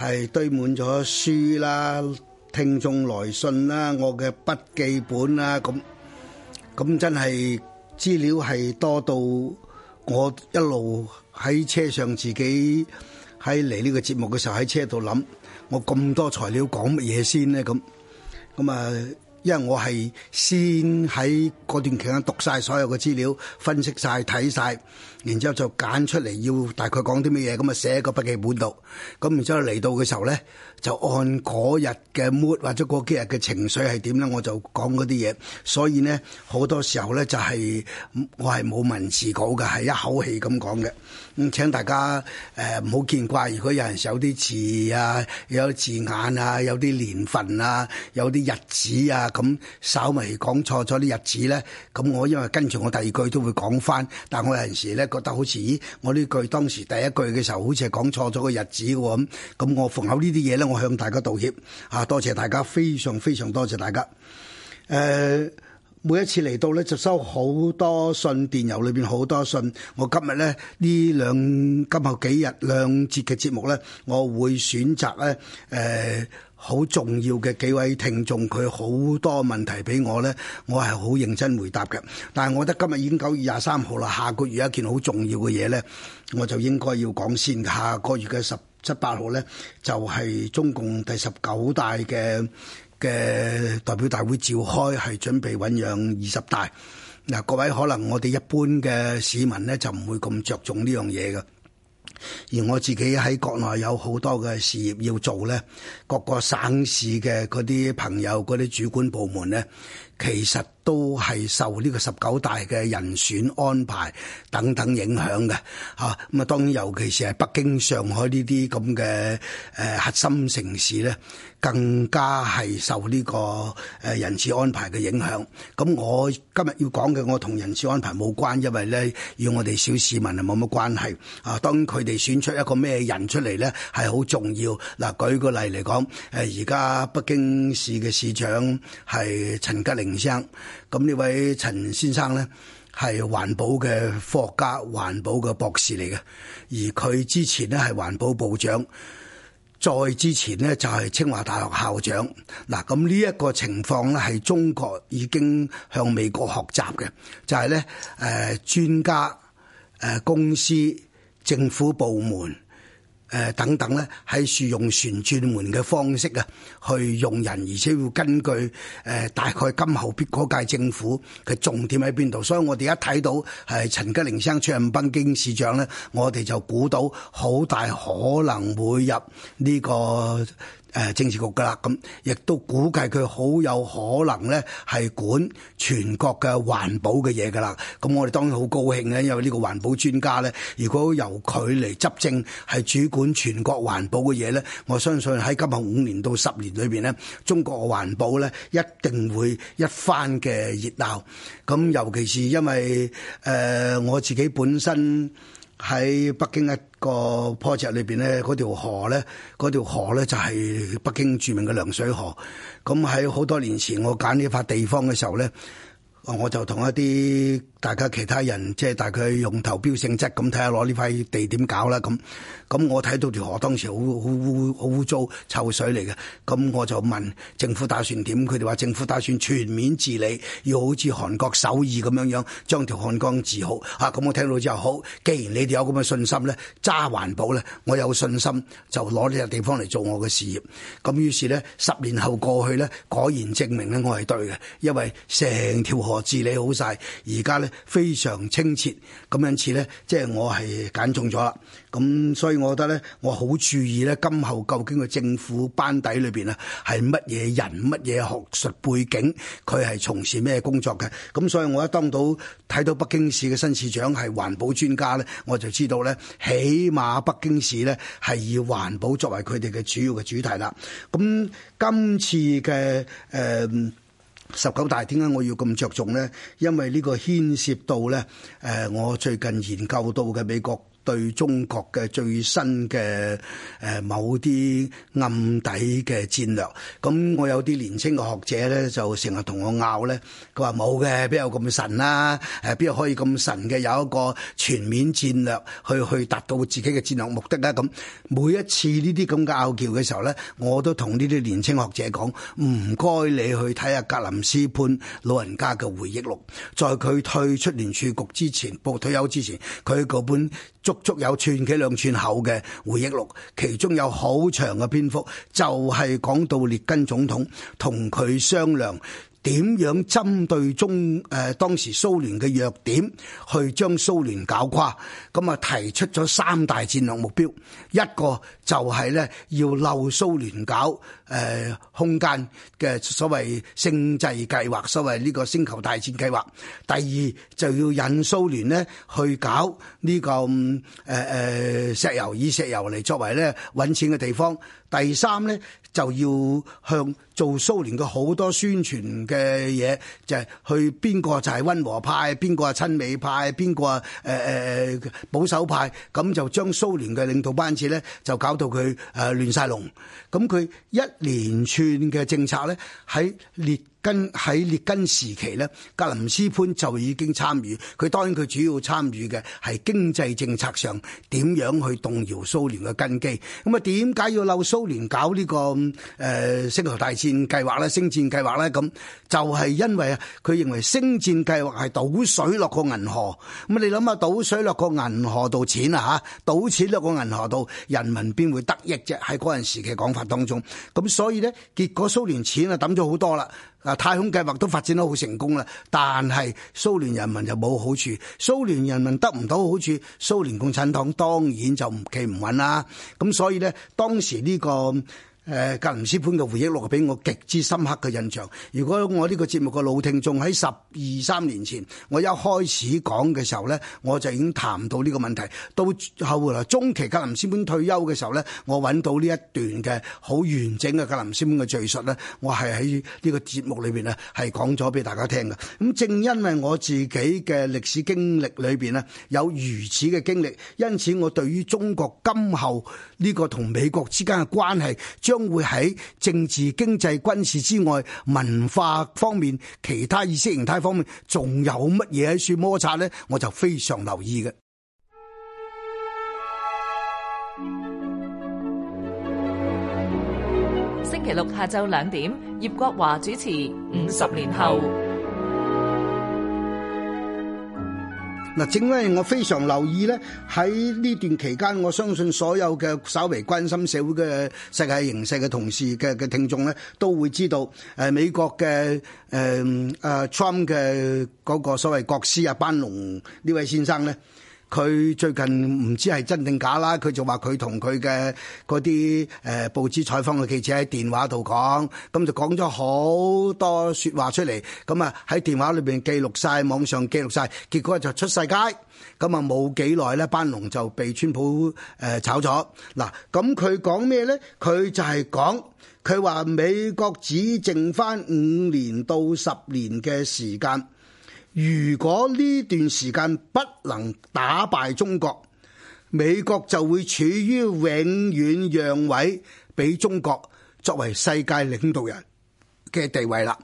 係堆滿咗書啦、聽眾來信啦、我嘅筆記本啦，咁咁真係資料係多到我一路喺車上自己喺嚟呢個節目嘅時候喺車度諗，我咁多材料講乜嘢先咧？咁咁啊，因為我係先喺嗰段期間讀晒所有嘅資料，分析晒，睇晒。然之後就揀出嚟，要大概講啲乜嘢，咁啊寫個筆記本度。咁然之後嚟到嘅時候咧，就按嗰日嘅 mood 或者嗰幾日嘅情緒係點咧，我就講啲嘢。所以咧，好多時候咧就係、是、我係冇文字稿嘅，係一口氣咁講嘅。咁請大家誒唔好見怪，如果有人有啲字啊、有啲字眼啊、有啲年份啊、有啲日子啊，咁稍微講錯咗啲日子咧，咁我因為跟住我第二句都會講翻，但係我有陣時咧。覺得好似，我呢句當時第一句嘅時候，好似係講錯咗個日子嘅咁。咁我逢口呢啲嘢呢，我向大家道歉。啊，多謝大家，非常非常多謝大家。誒、呃。每一次嚟到咧，就收好多信，電郵裏邊好多信。我今日咧呢兩，今後幾日兩節嘅節目咧，我會選擇咧誒好重要嘅幾位聽眾，佢好多問題俾我咧，我係好認真回答嘅。但係我覺得今日已經九月廿三號啦，下個月一件好重要嘅嘢咧，我就應該要講先。下個月嘅十七八號咧，就係中共第十九大嘅。嘅代表大會召開，係準備醞釀二十大。嗱，各位可能我哋一般嘅市民咧就唔會咁着重呢樣嘢嘅，而我自己喺國內有好多嘅事業要做咧，各個省市嘅嗰啲朋友，嗰啲主管部門咧，其實。都係受呢個十九大嘅人選安排等等影響嘅，吓咁啊！當然，尤其是係北京、上海呢啲咁嘅誒核心城市咧，更加係受呢個誒人事安排嘅影響。咁、啊、我今日要講嘅，我同人事安排冇關，因為咧，要我哋小市民係冇乜關係啊。當然，佢哋選出一個咩人出嚟咧，係好重要。嗱、啊，舉個例嚟講，誒、啊，而家北京市嘅市長係陳吉寧生。咁呢位陳先生呢，係環保嘅科學家、環保嘅博士嚟嘅，而佢之前呢，係環保部長，再之前呢，就係清華大學校長。嗱，咁呢一個情況呢，係中國已經向美國學習嘅，就係呢誒專家、誒公司、政府部門。誒等等咧，喺樹用旋轉門嘅方式啊，去用人，而且要根據誒大概今後嗰屆政府嘅重點喺邊度，所以我哋一睇到係陳吉寧生，出任北京市長咧，我哋就估到好大可能會入呢、這個。誒政治局噶啦，咁亦都估計佢好有可能咧，係管全國嘅環保嘅嘢噶啦。咁我哋當然好高興咧，因為呢個環保專家咧，如果由佢嚟執政係主管全國環保嘅嘢咧，我相信喺今後五年到十年裏邊咧，中國環保咧一定會一番嘅熱鬧。咁尤其是因為誒、呃、我自己本身。喺北京一個 project 裏邊咧，嗰條河咧，嗰條河咧就係、是、北京著名嘅涼水河。咁喺好多年前我揀呢一塊地方嘅時候咧。我我就同一啲大家其他人，即係大概用投標性質咁睇下攞呢塊地點搞啦咁。咁我睇到條河當時好好污好污糟臭水嚟嘅，咁我就問政府打算點？佢哋話政府打算全面治理，要好似韓國首爾咁樣樣將條漢江治好。嚇、啊！咁我聽到之後好，既然你哋有咁嘅信心咧，揸環保咧，我有信心就攞呢個地方嚟做我嘅事業。咁於是咧，十年後過去咧，果然證明咧我係對嘅，因為成條河。我治理好晒，而家咧非常清澈，咁因此咧，即係我係揀中咗啦。咁所以我覺得咧，我好注意咧，今後究竟個政府班底裏邊啊，係乜嘢人，乜嘢學術背景，佢係從事咩工作嘅。咁所以我一當到睇到北京市嘅新市長係環保專家咧，我就知道咧，起碼北京市咧係以環保作為佢哋嘅主要嘅主題啦。咁今次嘅誒。呃十九大點解我要咁着重咧？因為呢個牽涉到咧，誒、呃、我最近研究到嘅美國。對中國嘅最新嘅，誒、呃、某啲暗底嘅戰略，咁我有啲年青嘅學者咧，就成日同我拗咧，佢話冇嘅，邊有咁神啦、啊？誒，邊可以咁神嘅，有一個全面戰略去去達到自己嘅戰略目的咧？咁每一次呢啲咁嘅拗撬嘅時候咧，我都同呢啲年青學者講，唔該你去睇下格林斯潘老人家嘅回憶錄，在佢退出聯儲局之前，報退休之前，佢嗰本足。足有寸幾兩寸厚嘅回憶錄，其中有好長嘅篇幅，就係、是、講到列根總統同佢商量。點樣針對中誒、呃、當時蘇聯嘅弱點，去將蘇聯搞垮？咁啊提出咗三大戰略目標，一個就係咧要漏蘇聯搞誒、呃、空間嘅所謂星際計劃，所謂呢個星球大戰計劃。第二就要引蘇聯咧去搞呢、這個誒誒、呃、石油，以石油嚟作為咧揾錢嘅地方。第三咧就要向做蘇聯嘅好多宣傳嘅嘢，就係去邊個就係溫和派，邊個係親美派，邊個啊誒誒保守派，咁就將蘇聯嘅領導班次咧就搞到佢誒亂晒龍，咁佢一連串嘅政策咧喺列跟喺列根時期咧，格林斯潘就已經參與。佢當然佢主要參與嘅係經濟政策上點樣去動搖蘇聯嘅根基。咁啊，點解要鬧蘇聯搞呢、呢個誒、呃、星球大戰計劃咧？星戰計劃咧，咁就係因為佢認為星戰計劃係倒水落個銀河。咁你諗下倒水落個銀河度錢啊嚇，倒錢落個銀河度，人民邊會得益啫？喺嗰陣時嘅講法當中，咁所以咧，結果蘇聯錢啊抌咗好多啦。啊！太空計劃都發展得好成功啦，但係蘇聯人民就冇好處，蘇聯人民得唔到好處，蘇聯共產黨當然就唔企唔穩啦。咁所以呢，當時呢、呢個。誒，格林斯潘嘅回憶錄俾我極之深刻嘅印象。如果我呢個節目嘅老聽眾喺十二三年前，我一開始講嘅時候呢，我就已經談到呢個問題。到後來中期格林斯潘退休嘅時候呢，我揾到呢一段嘅好完整嘅格林斯潘嘅敘述呢，我係喺呢個節目裏邊呢係講咗俾大家聽嘅。咁正因為我自己嘅歷史經歷裏邊呢，有如此嘅經歷，因此我對於中國今後呢個同美國之間嘅關係。將會喺政治、經濟、軍事之外，文化方面、其他意識形態方面，仲有乜嘢喺處摩擦呢？我就非常留意嘅。星期六下晝兩點，葉國華主持《五十年後》。嗱，正因為我非常留意咧，喺呢段期間，我相信所有嘅稍微關心社會嘅世界形勢嘅同事嘅嘅聽眾咧，都會知道誒、呃、美國嘅誒啊 Trump 嘅嗰個所謂國師啊班農呢位先生咧。佢最近唔知係真定假啦，佢就話，佢同佢嘅嗰啲誒報紙採訪嘅記者喺電話度講，咁就講咗好多說話出嚟，咁啊喺電話裏邊記錄晒，網上記錄晒，結果就出晒街，咁啊冇幾耐咧，班農就被川普誒炒咗。嗱，咁佢講咩咧？佢就係講，佢話美國只剩翻五年到十年嘅時間。如果呢段時間不能打敗中國，美國就會處於永遠讓位俾中國作為世界領導人嘅地位啦。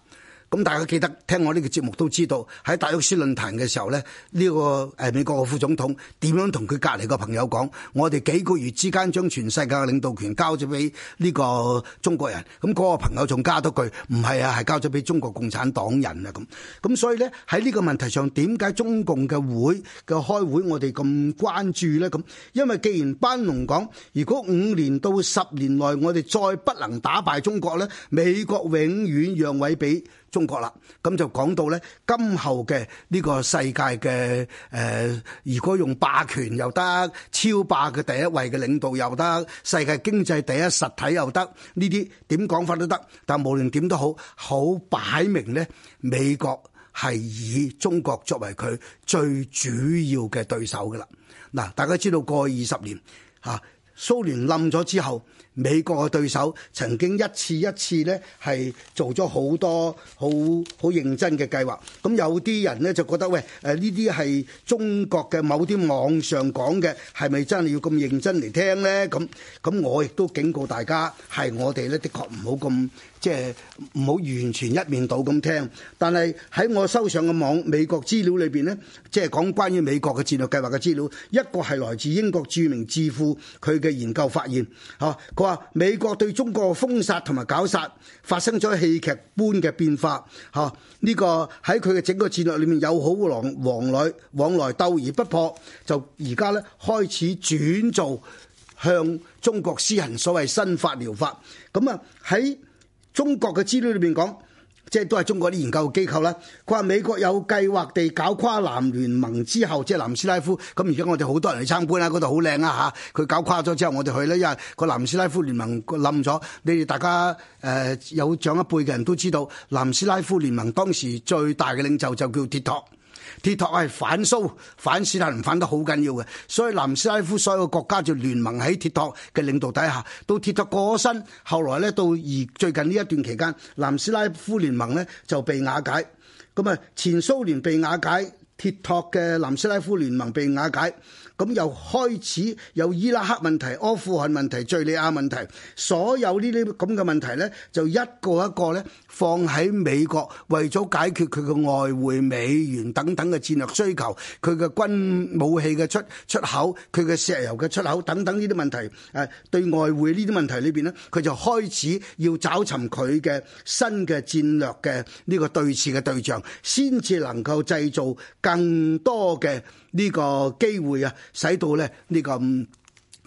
咁大家記得聽我呢個節目都知道，喺達沃斯論壇嘅時候呢，呢、這個誒美國副總統點樣同佢隔離個朋友講：我哋幾個月之間將全世界嘅領導權交咗俾呢個中國人。咁、那、嗰個朋友仲加多句，唔係啊，係交咗俾中國共產黨人啊咁。咁所以呢，喺呢個問題上，點解中共嘅會嘅開會我哋咁關注呢？咁因為既然班農講，如果五年到十年內我哋再不能打敗中國呢，美國永遠讓位俾。中國啦，咁就講到咧，今後嘅呢個世界嘅誒、呃，如果用霸權又得，超霸嘅第一位嘅領導又得，世界經濟第一實體又得，呢啲點講法都得。但無論點都好，好擺明咧，美國係以中國作為佢最主要嘅對手㗎啦。嗱，大家知道過去二十年嚇、啊、蘇聯冧咗之後。美國嘅對手曾經一次一次呢係做咗好多好好認真嘅計劃，咁有啲人呢，就覺得喂，誒呢啲係中國嘅某啲網上講嘅，係咪真係要咁認真嚟聽呢？咁咁我亦都警告大家，係我哋呢，的確唔好咁。即係唔好完全一面倒咁聽，但係喺我收上嘅網美國資料裏邊呢，即係講關於美國嘅戰略計劃嘅資料，一個係來自英國著名智庫佢嘅研究發現，嚇，佢話美國對中國嘅封殺同埋絞殺發生咗戲劇般嘅變化，嚇、啊、呢、這個喺佢嘅整個戰略裏面有好狼王來往來鬥而不破，就而家呢開始轉做向中國施行所謂新法療法，咁啊喺。中國嘅資料裏面講，即係都係中國啲研究機構啦。佢話美國有計劃地搞跨南聯盟之後，即係南斯拉夫咁。而家我哋好多人去參觀啦，嗰度好靚啊嚇！佢搞跨咗之後，我哋去咧，因為個南斯拉夫聯盟冧咗。你哋大家誒、呃、有長一輩嘅人都知道，南斯拉夫聯盟當時最大嘅領袖就叫鐵托。鐵托係反蘇、反史太林，反得好緊要嘅，所以南斯拉夫所有國家就聯盟喺鐵托嘅領導底下，到鐵托過身，後來咧到而最近呢一段期間，南斯拉夫聯盟咧就被瓦解，咁啊前蘇聯被瓦解，鐵托嘅南斯拉夫聯盟被瓦解。咁又開始有伊拉克問題、阿富汗問題、敍利亞問題，所有呢啲咁嘅問題呢，就一個一個呢放喺美國，為咗解決佢嘅外匯美元等等嘅戰略需求，佢嘅軍武器嘅出出口，佢嘅石油嘅出口等等呢啲問題，誒對外匯呢啲問題裏邊呢，佢就開始要找尋佢嘅新嘅戰略嘅呢個對峙嘅對象，先至能夠製造更多嘅。呢個機會啊，使到咧、這、呢個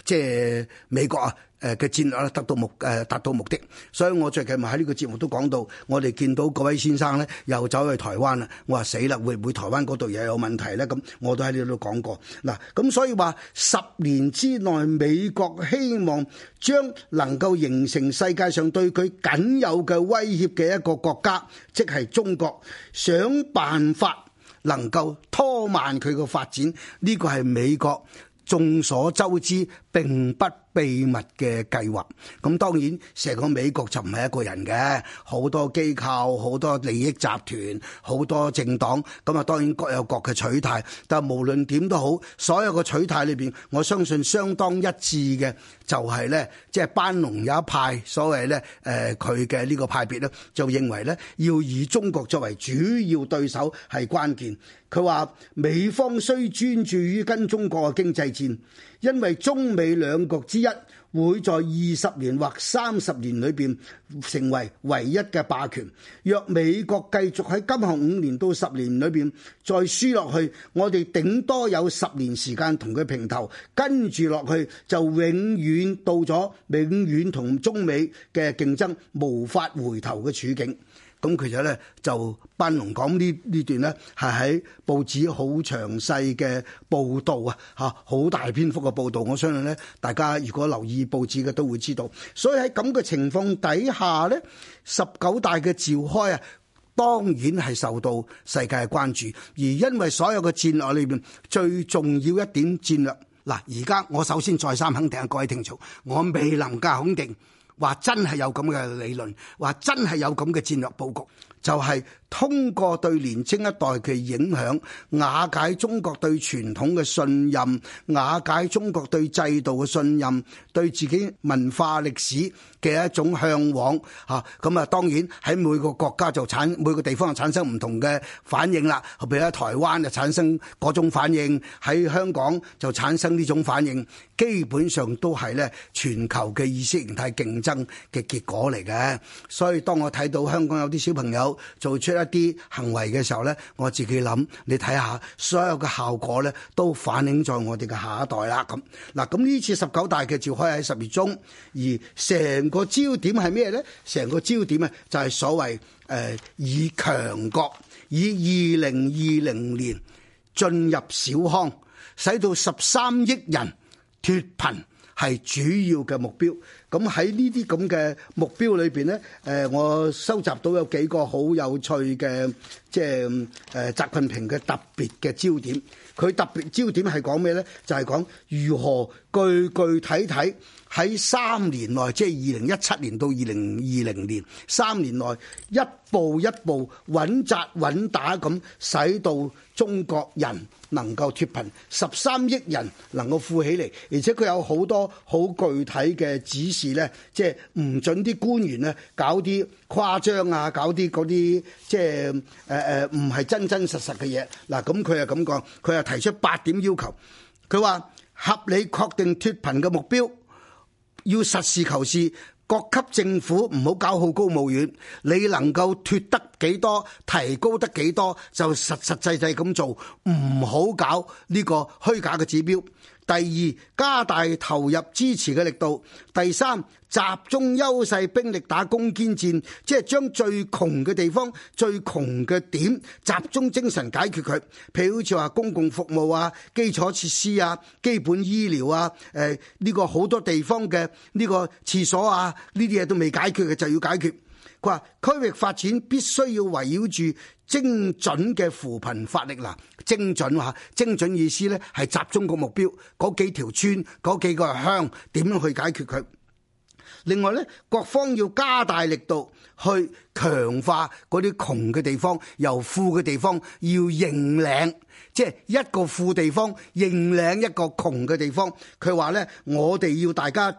即係美國啊誒嘅戰略咧，達到目誒達到目的。所以我最近咪喺呢個節目都講到，我哋見到嗰位先生咧又走去台灣啦。我話死啦，會唔會台灣嗰度又有問題咧？咁我都喺呢度講過嗱。咁所以話十年之內，美國希望將能夠形成世界上對佢僅有嘅威脅嘅一個國家，即係中國，想辦法。能夠拖慢佢嘅發展，呢、這個係美國眾所周知並不秘密嘅計劃，咁當然成個美國就唔係一個人嘅，好多機構、好多利益集團、好多政黨，咁啊當然各有各嘅取態。但係無論點都好，所有嘅取態裏邊，我相信相當一致嘅就係呢，即係班農有一派，所謂呢，誒佢嘅呢個派別呢，就認為呢要以中國作為主要對手係關鍵。佢話美方需專注於跟中國嘅經濟戰。因為中美兩國之一會在二十年或三十年裏邊成為唯一嘅霸權。若美國繼續喺今後五年到十年裏邊再輸落去，我哋頂多有十年時間同佢平頭，跟住落去就永遠到咗永遠同中美嘅競爭無法回頭嘅處境。咁其實咧就班農講呢呢段呢，係喺報紙好詳細嘅報道啊嚇，好大篇幅嘅報道。我相信呢，大家如果留意報紙嘅都會知道。所以喺咁嘅情況底下呢，十九大嘅召開啊，當然係受到世界嘅關注。而因為所有嘅戰略裏邊最重要一點戰略，嗱，而家我首先再三肯定各位聽眾，我未能夠肯定。話真係有咁嘅理論，話真係有咁嘅戰略布局。就係通過對年青一代嘅影響，瓦解中國對傳統嘅信任，瓦解中國對制度嘅信任，對自己文化歷史嘅一種向往，吓咁啊，啊，啊，當然喺每個國家就產每個地方就產生唔同嘅反應啦。比如喺台灣就產生嗰種反應，喺香港就產生呢種反應，基本上都係咧全球嘅意識形態競爭嘅結果嚟嘅。所以當我睇到香港有啲小朋友，做出一啲行為嘅時候呢，我自己諗，你睇下所有嘅效果呢，都反映在我哋嘅下一代啦。咁嗱，咁呢次十九大嘅召開喺十月中，而成個焦點係咩呢？成個焦點啊，就係所謂誒以強國，以二零二零年進入小康，使到十三億人脫貧。係主要嘅目標。咁喺呢啲咁嘅目標裏邊咧，誒、呃，我收集到有幾個好有趣嘅，即係誒，習近平嘅特別嘅焦點。佢特別焦點係講咩咧？就係講如何。具具體睇喺三年內，即係二零一七年到二零二零年，三年內，一步一步穩紮穩打咁，使到中國人能夠脫貧，十三億人能夠富起嚟，而且佢有好多好具體嘅指示，呢即係唔準啲官員咧搞啲誇張啊，搞啲嗰啲即係誒誒唔係真真實實嘅嘢。嗱，咁佢係咁講，佢係提出八點要求，佢話。合理確定脫貧嘅目標，要實事求是。各級政府唔好搞好高騖遠，你能夠脫得幾多，提高得幾多，就實實際際咁做，唔好搞呢個虛假嘅指標。第二，加大投入支持嘅力度；第三，集中優勢兵力打攻堅戰，即係將最窮嘅地方、最窮嘅點集中精神解決佢。譬如好似話公共服務啊、基礎設施啊、基本醫療啊，誒呃呢個好多地方嘅呢個廁所啊，呢啲嘢都未解決嘅就要解決。佢話區域發展必須要圍繞住精準嘅扶貧發力啦，精準嚇，精準意思呢係集中個目標，嗰幾條村，嗰幾個鄉點樣去解決佢？另外呢，各方要加大力度去強化嗰啲窮嘅地方，由富嘅地方要認領，即係一個富地方認領一個窮嘅地方。佢話呢，我哋要大家。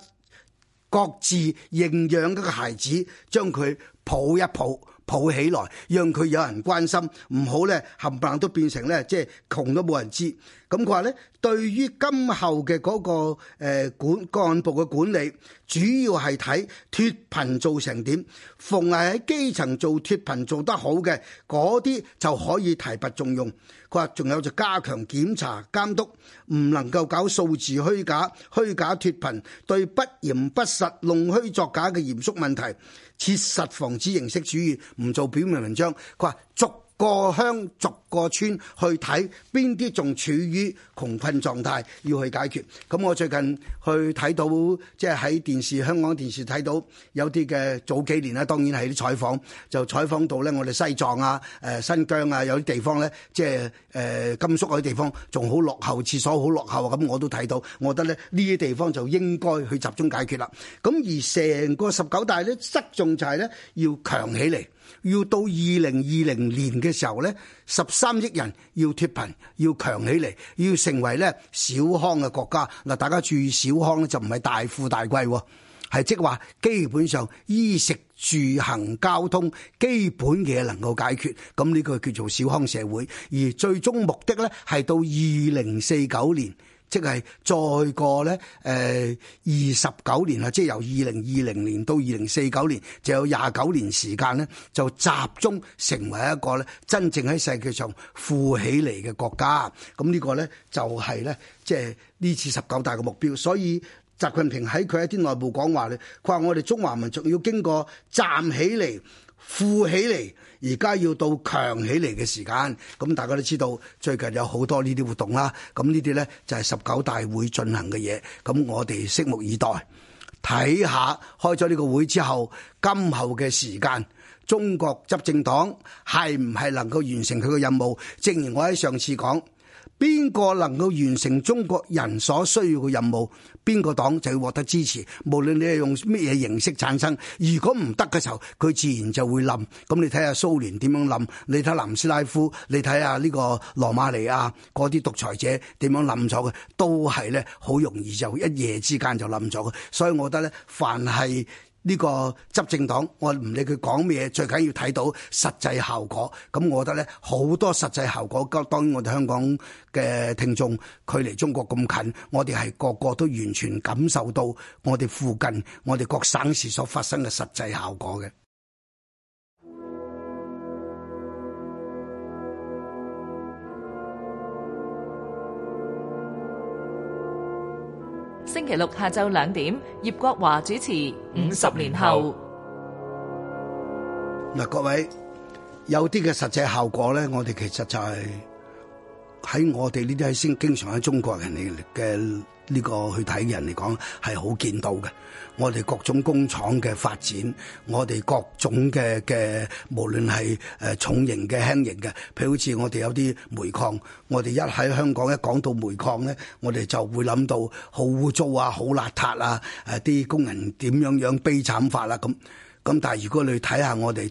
各自營養一個孩子，將佢抱一抱，抱起來，讓佢有人關心，唔好咧冚唪唥都變成咧即係窮都冇人知。咁佢話咧，對於今後嘅嗰個、呃、幹部嘅管理，主要係睇脫貧做成點。逢係喺基層做脫貧做得好嘅嗰啲，就可以提拔重用。佢話仲有就加強檢查監督，唔能夠搞數字虛假、虛假脫貧。對不嚴不實、弄虛作假嘅嚴肅問題，切實防止形式主義，唔做表面文章。佢話逐個鄉逐個村去睇邊啲仲處於窮困狀態，要去解決。咁我最近去睇到，即係喺電視、香港電視睇到有啲嘅早幾年咧，當然係啲採訪，就採訪到咧，我哋西藏啊、誒新疆啊，有啲地方咧，即係誒甘肅啲地方仲好落後，廁所好落後。咁我都睇到，我覺得咧呢啲地方就應該去集中解決啦。咁而成個十九大咧，側重就係咧要強起嚟，要到二零二零年嘅時候咧十三億人要脫貧，要強起嚟，要成為咧小康嘅國家。嗱，大家注意，小康咧就唔係大富大貴，係即係話基本上衣食住行交通基本嘢能夠解決，咁呢個叫做小康社會。而最終目的咧係到二零四九年。即係再過咧，誒二十九年啊！即係由二零二零年到二零四九年，就有廿九年時間咧，就集中成為一個咧真正喺世界上富起嚟嘅國家。咁呢個咧就係咧，即係呢次十九大嘅目標。所以習近平喺佢一啲內部講話咧，佢話我哋中華民族要經過站起嚟。富起嚟，而家要到強起嚟嘅時間。咁大家都知道，最近有好多呢啲活動啦。咁呢啲呢，就係十九大會進行嘅嘢。咁我哋拭目以待，睇下開咗呢個會之後，今後嘅時間，中國執政黨係唔係能夠完成佢嘅任務？正如我喺上次講。邊個能夠完成中國人所需要嘅任務，邊個黨就要獲得支持。無論你係用咩嘢形式產生，如果唔得嘅時候，佢自然就會冧。咁你睇下蘇聯點樣冧，你睇南斯拉夫，你睇下呢個羅馬尼亞嗰啲獨裁者點樣冧咗嘅，都係呢，好容易就一夜之間就冧咗嘅。所以我覺得呢，凡係。呢個執政黨，我唔理佢講咩，最緊要睇到實際效果。咁我覺得咧，好多實際效果。咁當然，我哋香港嘅聽眾佢離中國咁近，我哋係個個都完全感受到我哋附近、我哋各省市所發生嘅實際效果嘅。星期六下晝兩點，葉國華主持《五十年後》。嗱，各位有啲嘅實際效果咧，我哋其實就係喺我哋呢啲先經常喺中國人嚟嘅。呢個去睇嘅人嚟講係好見到嘅，我哋各種工廠嘅發展，我哋各種嘅嘅，無論係誒重型嘅、輕型嘅，譬如好似我哋有啲煤礦，我哋一喺香港一講到煤礦咧，我哋就會諗到好污糟啊、好邋遢啊、誒啲工人點樣樣悲慘法啦咁。咁但係如果你睇下我哋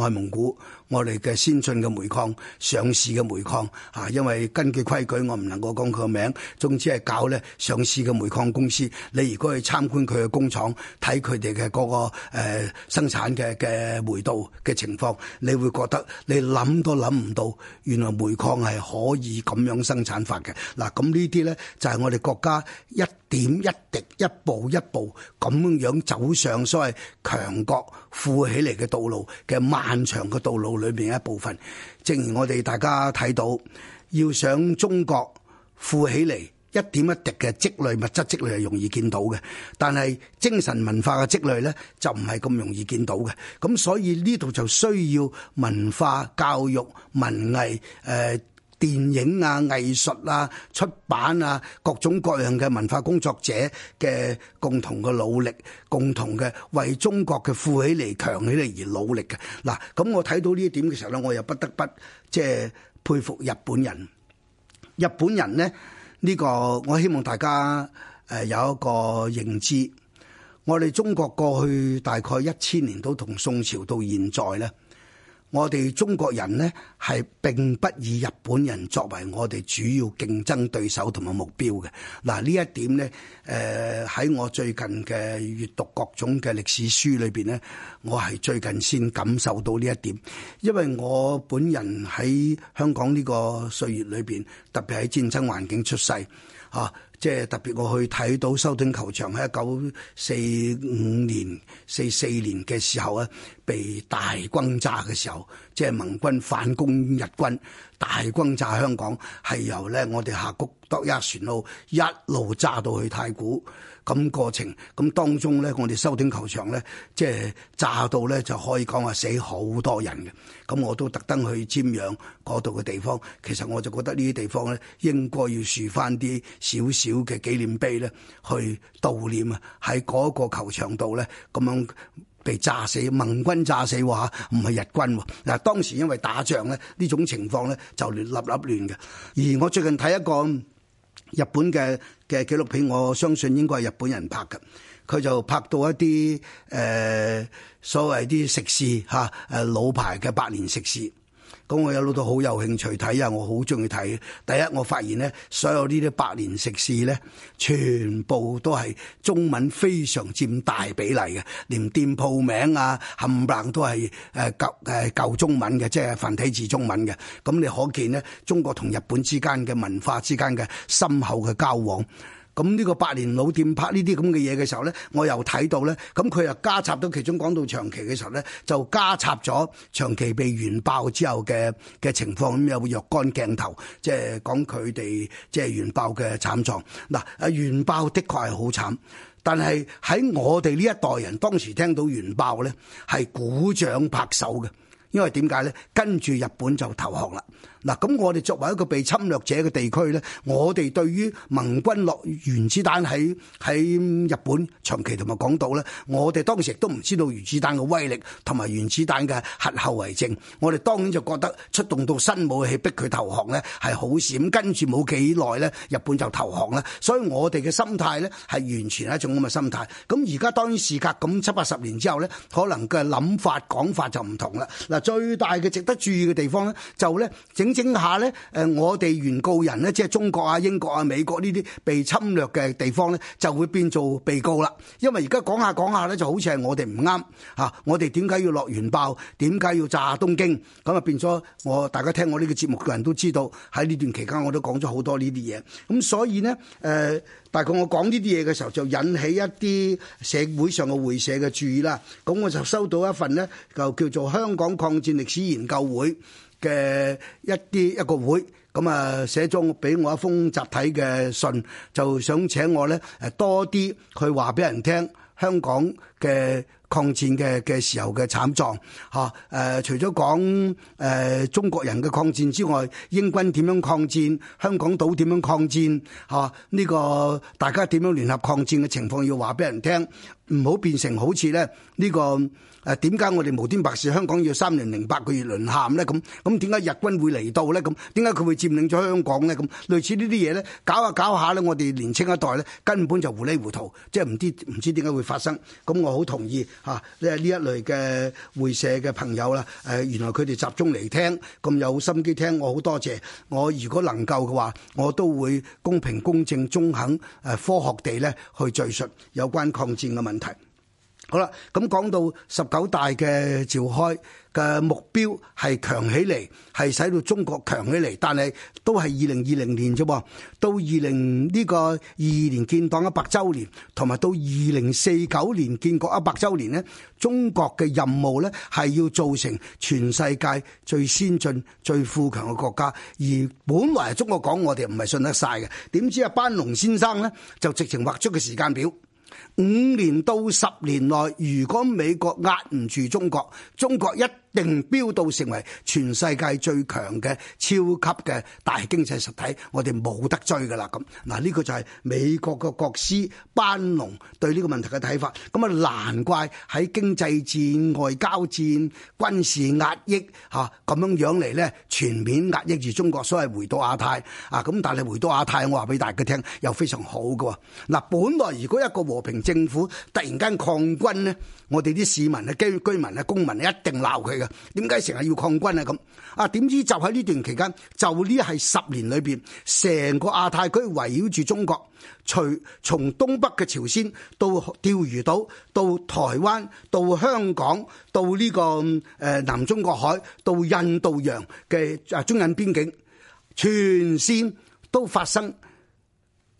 外蒙古。我哋嘅先進嘅煤礦上市嘅煤礦，嚇，因為根據規矩，我唔能夠講佢個名。總之係搞咧上市嘅煤礦公司。你如果去參觀佢嘅工廠，睇佢哋嘅嗰個誒生產嘅嘅煤道嘅情況，你會覺得你諗都諗唔到，原來煤礦係可以咁樣生產法嘅。嗱，咁呢啲咧就係我哋國家一點一滴、一步一步咁樣走上所謂強國富起嚟嘅道路嘅漫長嘅道路。裏面一部分，正如我哋大家睇到，要想中國富起嚟，一點一滴嘅積累、物質積累係容易見到嘅，但係精神文化嘅積累咧就唔係咁容易見到嘅。咁所以呢度就需要文化、教育、文藝誒。電影啊、藝術啦、啊、出版啊，各種各樣嘅文化工作者嘅共同嘅努力，共同嘅為中國嘅富起嚟、強起嚟而努力嘅。嗱，咁我睇到呢一點嘅時候咧，我又不得不即係、就是、佩服日本人。日本人呢，呢、呢個，我希望大家誒、呃、有一個認知。我哋中國過去大概一千年都同宋朝到現在咧。我哋中國人呢，係並不以日本人作為我哋主要競爭對手同埋目標嘅。嗱，呢一點呢，誒、呃、喺我最近嘅閱讀各種嘅歷史書裏邊呢，我係最近先感受到呢一點。因為我本人喺香港呢個歲月裏邊，特別喺戰爭環境出世，啊。即係特別，我去睇到修頓球場喺一九四五年、四四年嘅時候啊，被大轟炸嘅時候，即係盟軍反攻日軍，大轟炸香港係由咧我哋下谷搭一船路，一路炸到去太古。咁過程，咁當中咧，我哋修頓球場咧，即係炸到咧就可以講話死好多人嘅。咁我都特登去瞻仰嗰度嘅地方。其實我就覺得呢啲地方咧，應該要樹翻啲少少嘅紀念碑咧，去悼念啊！喺嗰個球場度咧，咁樣被炸死，盟軍炸死喎，唔係日軍喎。嗱，當時因為打仗咧，呢種情況咧就亂立立亂嘅。而我最近睇一個。日本嘅嘅紀錄片，我相信應該係日本人拍㗎，佢就拍到一啲誒、呃、所謂啲食肆嚇，誒老牌嘅百年食肆。咁我有老豆好有興趣睇啊，我好中意睇。第一，我發現咧，所有呢啲百年食肆咧，全部都係中文，非常佔大比例嘅，連店鋪名啊、冚唪唥都係誒舊誒舊中文嘅，即係繁體字中文嘅。咁你可見咧，中國同日本之間嘅文化之間嘅深厚嘅交往。咁呢個百年老店拍呢啲咁嘅嘢嘅時候咧，我又睇到咧，咁佢又加插到其中講到長期嘅時候咧，就加插咗長期被原爆之後嘅嘅情況，咁有若干鏡頭，即係講佢哋即係原爆嘅慘狀。嗱，原爆的確係好慘，但係喺我哋呢一代人當時聽到原爆咧，係鼓掌拍手嘅，因為點解咧？跟住日本就投降啦。嗱，咁我哋作為一個被侵略者嘅地區咧，我哋對於盟軍落原子彈喺喺日本長崎同埋廣島咧，我哋當時亦都唔知道原子彈嘅威力同埋原子彈嘅核後遺症，我哋當然就覺得出動到新武器逼佢投降咧係好事，咁跟住冇幾耐咧，日本就投降啦。所以我哋嘅心態咧係完全一種咁嘅心態。咁而家當然時隔咁七八十年之後咧，可能嘅諗法講法就唔同啦。嗱，最大嘅值得注意嘅地方咧，就咧整。整，整下呢，誒，我哋原告人呢，即係中國啊、英國啊、美國呢啲被侵略嘅地方呢，就會變做被告啦。因為而家講下講下呢，就好似係我哋唔啱吓，我哋點解要落原爆，點解要炸東京，咁啊變咗我大家聽我呢個節目嘅人都知道，喺呢段期間我都講咗好多呢啲嘢。咁所以呢，誒、呃，大概我講呢啲嘢嘅時候，就引起一啲社會上嘅會社嘅注意啦。咁我就收到一份呢，就叫做香港抗戰歷史研究會嘅一啲一個會，咁啊寫咗俾我一封集體嘅信，就想請我咧誒，多啲去話俾人聽香港嘅抗戰嘅嘅時候嘅慘狀嚇誒、啊，除咗講誒中國人嘅抗戰之外，英軍點樣抗戰，香港島點樣抗戰嚇呢、啊呢個大家點樣聯合抗戰嘅情況要話俾人聽。唔好變成好似咧呢個誒點解我哋無端白事香港要三年零八個月淪陷咧，咁咁點解日軍會嚟到咧，咁點解佢會佔領咗香港咧，咁類似呢啲嘢咧，搞下搞下咧，我哋年青一代咧根本就糊裏糊塗，即係唔知唔知點解會發生。咁我好同意嚇，即係呢一類嘅會社嘅朋友啦。誒原來佢哋集中嚟聽咁有心機聽，我好多謝。我如果能夠嘅話，我都會公平公正中肯誒科學地咧去敘述有關抗戰嘅問題。好啦，咁講到十九大嘅召開嘅目標係強起嚟，係使到中國強起嚟，但係都係二零二零年啫。到二零呢個二年建黨一百周年，同埋到二零四九年建國一百周年呢，中國嘅任務呢係要造成全世界最先進、最富強嘅國家。而本來中國講我哋唔係信得晒嘅，點知阿班農先生呢，就直情畫出個時間表。五年到十年內，如果美國壓唔住中國，中國一定標到成為全世界最強嘅超級嘅大經濟實體，我哋冇得追噶啦咁。嗱，呢個就係美國嘅國師班農對呢個問題嘅睇法。咁啊，難怪喺經濟戰、外交戰、軍事壓抑嚇咁樣樣嚟咧，全面壓抑住中國，所謂回到亞太啊。咁但係回到亞太，我話俾大家聽，又非常好㗎喎。嗱，本來如果一個和平政府突然間抗軍咧，我哋啲市民啊、居居民啊、公民一定鬧佢。點解成日要抗軍啊？咁啊？點知就喺呢段期間，就呢係十年裏邊，成個亞太區圍繞住中國，從從東北嘅朝鮮到釣魚島，到台灣，到香港，到呢個誒南中國海，到印度洋嘅中印邊境，全線都發生。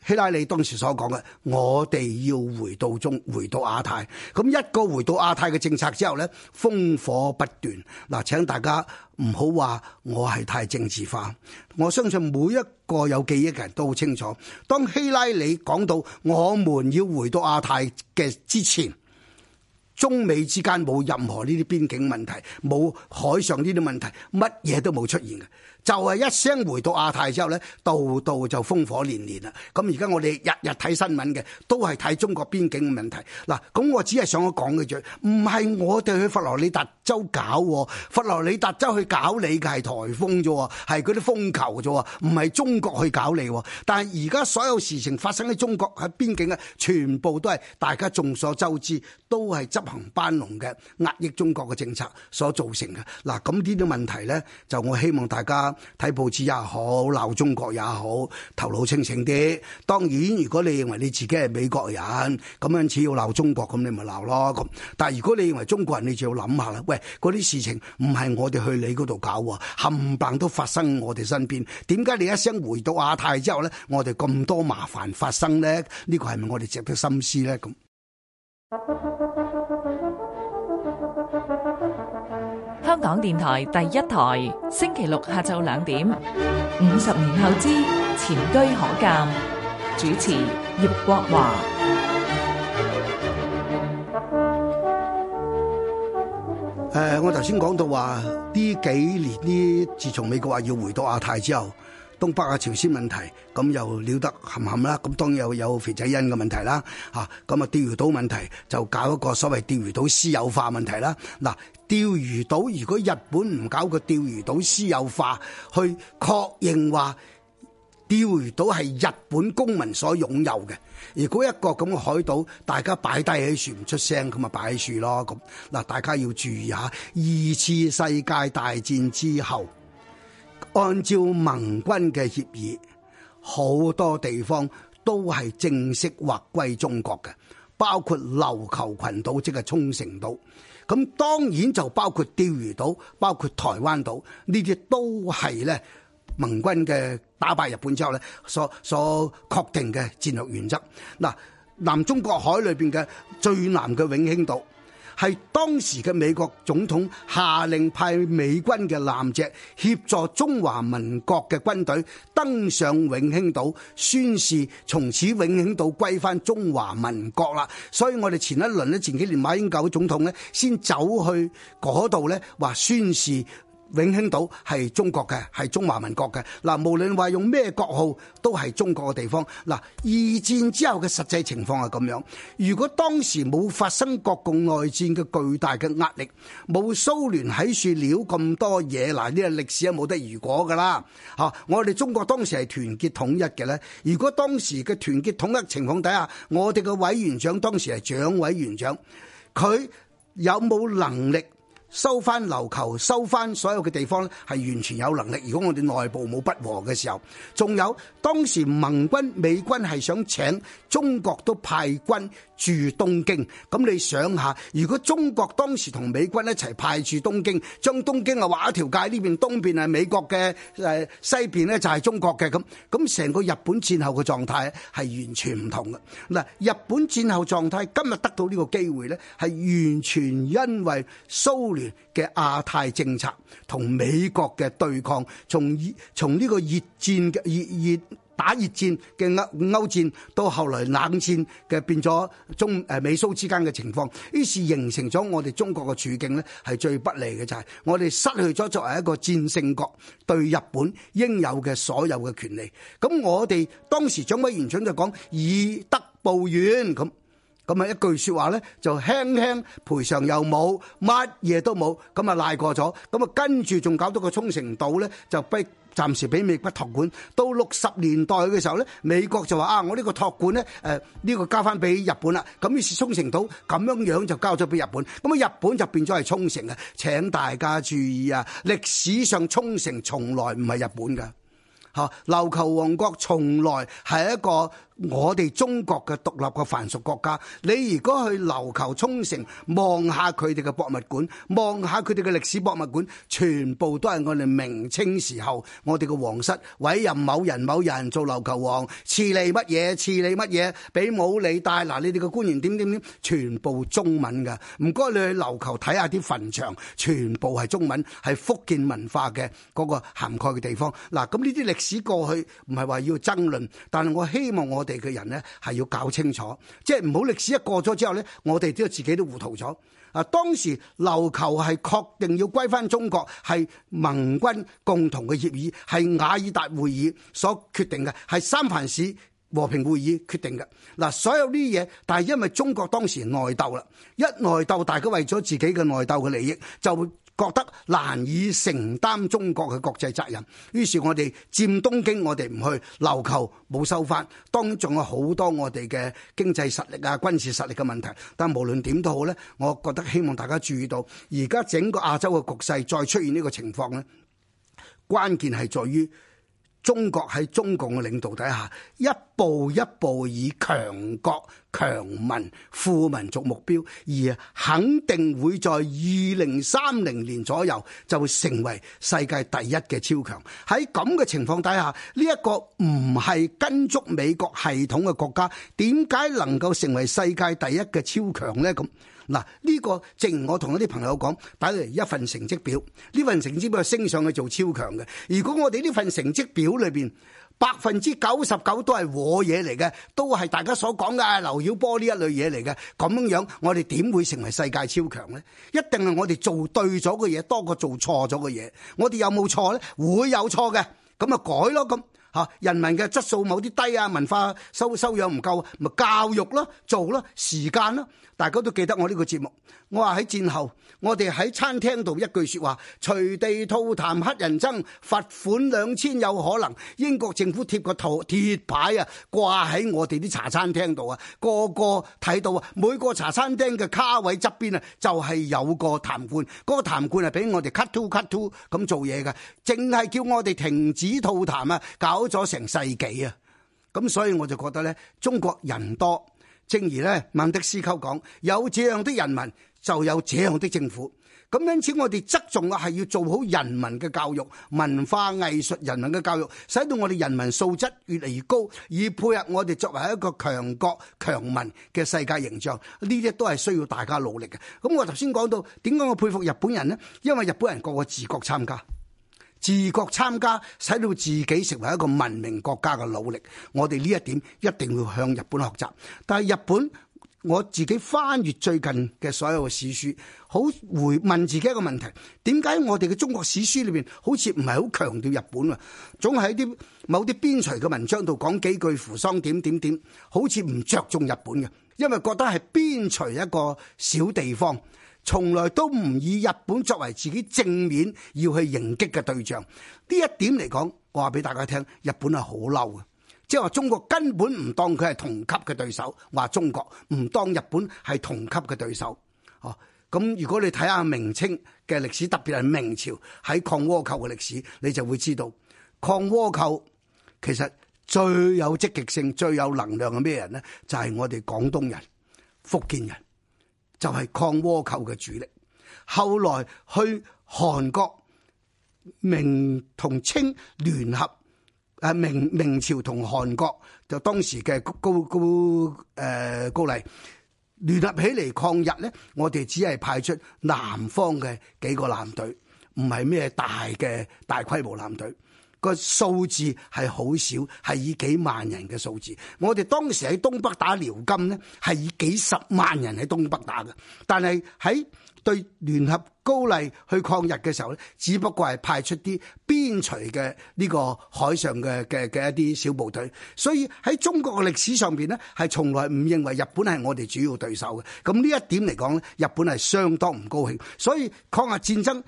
希拉里當時所講嘅，我哋要回到中，回到亞太。咁一個回到亞太嘅政策之後呢，烽火不斷。嗱，請大家唔好話我係太政治化。我相信每一個有記憶嘅人都好清楚，當希拉里講到我們要回到亞太嘅之前，中美之間冇任何呢啲邊境問題，冇海上呢啲問題，乜嘢都冇出現嘅。就係一聲回到亞太之後呢，度度就烽火連連啦。咁而家我哋日日睇新聞嘅，都係睇中國邊境嘅問題。嗱，咁我只係想講嘅啫，唔係我哋去佛羅里達州搞，佛羅里達州去搞你嘅係颱風啫，係嗰啲風球啫，唔係中國去搞你。但係而家所有事情發生喺中國喺邊境嘅，全部都係大家眾所周知，都係執行班農嘅壓抑中國嘅政策所造成嘅。嗱，咁呢啲問題呢，就我希望大家。睇報紙也好，鬧中國也好，頭腦清醒啲。當然，如果你認為你自己係美國人，咁樣似要鬧中國，咁你咪鬧咯。咁但係如果你認為中國人，你就要諗下啦。喂，嗰啲事情唔係我哋去你嗰度搞喎，冚棒都發生我哋身邊。點解你一聲回到亞太之後呢？我哋咁多麻煩發生呢？呢個係咪我哋值得深思呢？咁。香港電台第一台，星期六下晝兩點。五十年後之前車可鑑，主持葉國華。誒、呃，我頭先講到話，呢幾年呢？自從美國話要回到亞太之後。東北啊，朝鮮問題咁又了得含含啦，咁當然又有肥仔恩嘅問題啦，嚇咁啊，釣魚島問題就搞一個所謂釣魚島私有化問題啦。嗱，釣魚島如果日本唔搞個釣魚島私有化，去確認話釣魚島係日本公民所擁有嘅，如果一個咁嘅海島，大家擺低喺船，唔出聲，咁咪擺喺樹咯。咁嗱，大家要注意下二次世界大戰之後。按照盟軍嘅協議，好多地方都係正式劃歸中國嘅，包括琉球群島，即係沖繩島。咁當然就包括釣魚島，包括台灣島，呢啲都係咧盟軍嘅打敗日本之後咧所所確定嘅戰略原則。嗱，南中國海裏邊嘅最南嘅永興島，係當時嘅美國總統下令派美軍嘅艦隻協助中華民國嘅軍隊登上永興島，宣示從此永興島歸翻中華民國啦。所以我哋前一輪呢，前幾年馬英九總統呢，先走去嗰度呢話宣示。永興島係中國嘅，係中華民國嘅。嗱，無論話用咩國號，都係中國嘅地方。嗱，二戰之後嘅實際情況係咁樣。如果當時冇發生國共內戰嘅巨大嘅壓力，冇蘇聯喺處搞咁多嘢，嗱，呢個歷史冇得如果㗎啦。嚇，我哋中國當時係團結統一嘅咧。如果當時嘅團結統一情況底下，我哋嘅委員長當時係蔣委員長，佢有冇能力？收翻琉球，收翻所有嘅地方咧，係完全有能力。如果我哋內部冇不和嘅時候，仲有當時盟軍美軍係想請中國都派軍駐東京。咁你想下，如果中國當時同美軍一齊派駐東京，將東京啊畫一條界，呢邊東邊係美國嘅，誒西邊咧就係中國嘅。咁咁成個日本戰後嘅狀態係完全唔同嘅。嗱，日本戰後狀態今日得到呢個機會咧，係完全因為蘇聯。嘅亞太政策同美國嘅對抗，從從呢個熱戰嘅熱熱打熱戰嘅歐歐，歐戰，到後來冷戰嘅變咗中誒美蘇之間嘅情況，於是形成咗我哋中國嘅處境咧，係最不利嘅就係、是、我哋失去咗作為一個戰勝國對日本應有嘅所有嘅權利。咁我哋當時蔣委員長就講以德報怨咁。咁啊一句説話咧，就輕輕賠償又冇，乜嘢都冇，咁啊賴過咗，咁啊跟住仲搞到個沖繩島咧，就俾暫時俾美國託管。到六十年代嘅時候咧，美國就話啊，我呢個託管咧，誒呢個交翻俾日本啦。咁於是沖繩島咁樣樣就交咗俾日本。咁啊日本就變咗係沖繩嘅。請大家注意啊，歷史上沖繩從來唔係日本㗎，嚇琉球王國從來係一個。我哋中國嘅獨立嘅藩屬國家，你如果去琉球沖繩望下佢哋嘅博物館，望下佢哋嘅歷史博物館，全部都係我哋明清時候我哋嘅皇室委任某人某人做琉球王，賜你乜嘢，賜你乜嘢，俾帽你戴嗱，你哋嘅官員點點點，全部中文嘅。唔該你去琉球睇下啲墳場，全部係中文，係福建文化嘅，嗰個涵蓋嘅地方。嗱，咁呢啲歷史過去唔係話要爭論，但係我希望我哋，嘅人呢，係要搞清楚，即係唔好歷史一過咗之後呢，我哋都自己都糊塗咗。啊，當時琉球係確定要歸翻中國，係盟軍共同嘅協議，係瓦爾達會議所決定嘅，係三藩市和平會議決定嘅。嗱，所有呢啲嘢，但係因為中國當時內鬥啦，一內鬥，大家為咗自己嘅內鬥嘅利益就會。覺得難以承擔中國嘅國際責任，於是我哋佔東京，我哋唔去，琉球冇收翻，當然仲有好多我哋嘅經濟實力啊、軍事實力嘅問題。但無論點都好呢，我覺得希望大家注意到，而家整個亞洲嘅局勢再出現呢個情況呢，關鍵係在於。中國喺中共嘅領導底下，一步一步以強國、強民、富民族目標，而肯定會在二零三零年左右就會成為世界第一嘅超強。喺咁嘅情況底下，呢一個唔係跟足美國系統嘅國家，點解能夠成為世界第一嘅超強呢？咁？嗱，呢個正如我同一啲朋友講，擺嚟一份成績表，呢份成績表升上去做超強嘅。如果我哋呢份成績表裏邊百分之九十九都係和嘢嚟嘅，都係大家所講嘅劉曉波呢一類嘢嚟嘅，咁樣樣我哋點會成為世界超強咧？一定係我哋做對咗嘅嘢多過做錯咗嘅嘢。我哋有冇錯咧？會有錯嘅，咁啊改咯咁。吓，人民嘅質素某啲低啊，文化修修養唔夠啊，咪教育咯，做咯，時間咯，大家都記得我呢個節目。我話喺戰後，我哋喺餐廳度一句説話，隨地吐痰乞人憎，罰款兩千有可能。英國政府貼個圖鐵牌啊，掛喺我哋啲茶餐廳度啊，個個睇到啊，每個茶餐廳嘅卡位側邊啊，就係有個痰罐，嗰、那個痰罐啊，俾我哋 cut to cut to 咁做嘢嘅，淨係叫我哋停止吐痰啊，搞咗成世紀啊。咁所以我就覺得呢，中國人多，正如呢，孟德斯鳩講，有這樣啲人民。就有這樣的政府，咁因此我哋側重嘅係要做好人民嘅教育、文化藝術人民嘅教育，使到我哋人民素質越嚟越高，以配合我哋作為一個強國強民嘅世界形象。呢啲都係需要大家努力嘅。咁我頭先講到點解我佩服日本人呢，因為日本人個個自覺參加，自覺參加使到自己成為一個文明國家嘅努力。我哋呢一點一定會向日本學習，但係日本。我自己翻閱最近嘅所有嘅史書，好回問自己一個問題：點解我哋嘅中國史書裏邊好似唔係好強調日本啊？總係啲某啲邊陲嘅文章度講幾句扶桑點點點，好似唔着重日本嘅，因為覺得係邊陲一個小地方，從來都唔以日本作為自己正面要去迎擊嘅對象。呢一點嚟講，我話俾大家聽，日本係好嬲嘅。即係話中國根本唔當佢係同級嘅對手，話中國唔當日本係同級嘅對手。哦，咁如果你睇下明清嘅歷史，特別係明朝喺抗倭寇嘅歷史，你就會知道抗倭寇其實最有積極性、最有能量嘅咩人呢？就係我哋廣東人、福建人，就係抗倭寇嘅主力。後來去韓國，明同清聯合。誒明，明朝同韓國就當時嘅高高誒高麗、呃、聯合起嚟抗日咧，我哋只係派出南方嘅幾個艦隊，唔係咩大嘅大規模艦隊，個數字係好少，係以幾萬人嘅數字。我哋當時喺東北打遼金呢，係以幾十萬人喺東北打嘅，但係喺。對聯合高麗去抗日嘅時候咧，只不過係派出啲邊陲嘅呢個海上嘅嘅嘅一啲小部隊，所以喺中國嘅歷史上邊咧，係從來唔認為日本係我哋主要對手嘅。咁呢一點嚟講咧，日本係相當唔高興，所以抗日戰爭。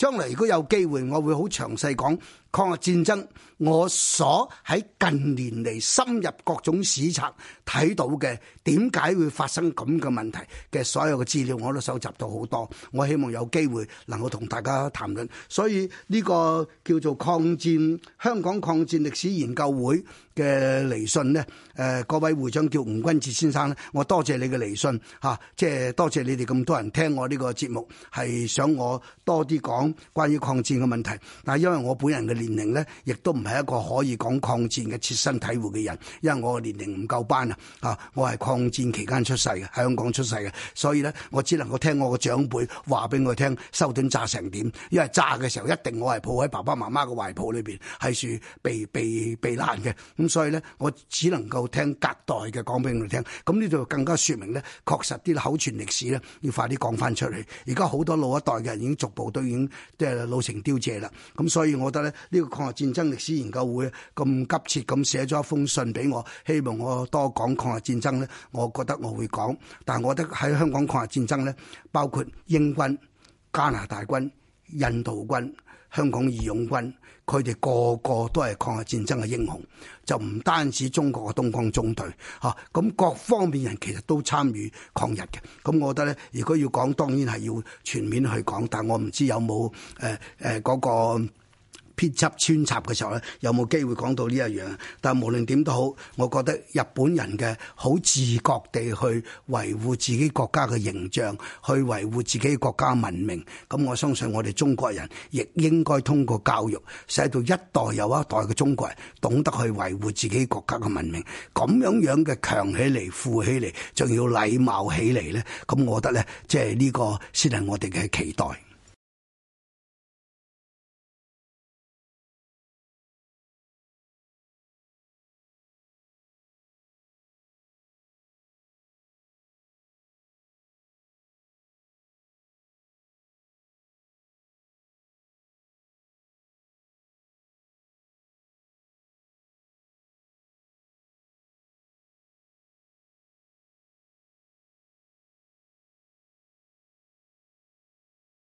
將來如果有機會，我會好詳細講抗日戰爭。我所喺近年嚟深入各種史冊睇到嘅點解會發生咁嘅問題嘅所有嘅資料，我都收集到好多。我希望有機會能夠同大家談論。所以呢個叫做抗戰香港抗戰歷史研究會嘅嚟信呢，誒、呃、各位會長叫吳君哲先生咧，我多謝你嘅嚟信吓，即係多謝你哋咁多人聽我呢個節目，係想我多啲講關於抗戰嘅問題。但、啊、係因為我本人嘅年齡呢，亦都唔係一個可以講抗戰嘅切身體會嘅人，因為我年齡唔夠班啊吓，我係抗戰期間出世嘅，喺香港出世嘅，所以呢，我只能夠聽我個長輩話俾我聽，收緊炸成點，因為炸嘅時候一定我係抱喺爸爸媽媽嘅懷抱裏邊，係樹避避避難嘅。所以咧，我只能夠聽隔代嘅講俾我哋聽。咁呢度更加說明咧，確實啲口傳歷史咧，要快啲講翻出嚟。而家好多老一代嘅人已經逐步都已經，即係老成凋謝啦。咁所以我覺得咧，呢個抗日戰爭歷史研究會咁急切咁寫咗一封信俾我，希望我多講抗日戰爭咧。我覺得我會講。但係我覺得喺香港抗日戰爭咧，包括英軍、加拿大軍、印度軍。香港義勇軍，佢哋個個都係抗日戰爭嘅英雄，就唔單止中國嘅東江中隊吓，咁各方面人其實都參與抗日嘅。咁我覺得咧，如果要講，當然係要全面去講，但我唔知有冇誒誒嗰個編輯穿插嘅時候咧，有冇機會講到呢一樣？但無論點都好，我覺得日本人嘅好自覺地去維護自己國家嘅形象，去維護自己國家文明。咁我相信我哋中國人亦應該通過教育，使到一代又一代嘅中國人懂得去維護自己國家嘅文明。咁樣樣嘅強起嚟、富起嚟，仲要禮貌起嚟呢。咁我覺得呢，即係呢個先係我哋嘅期待。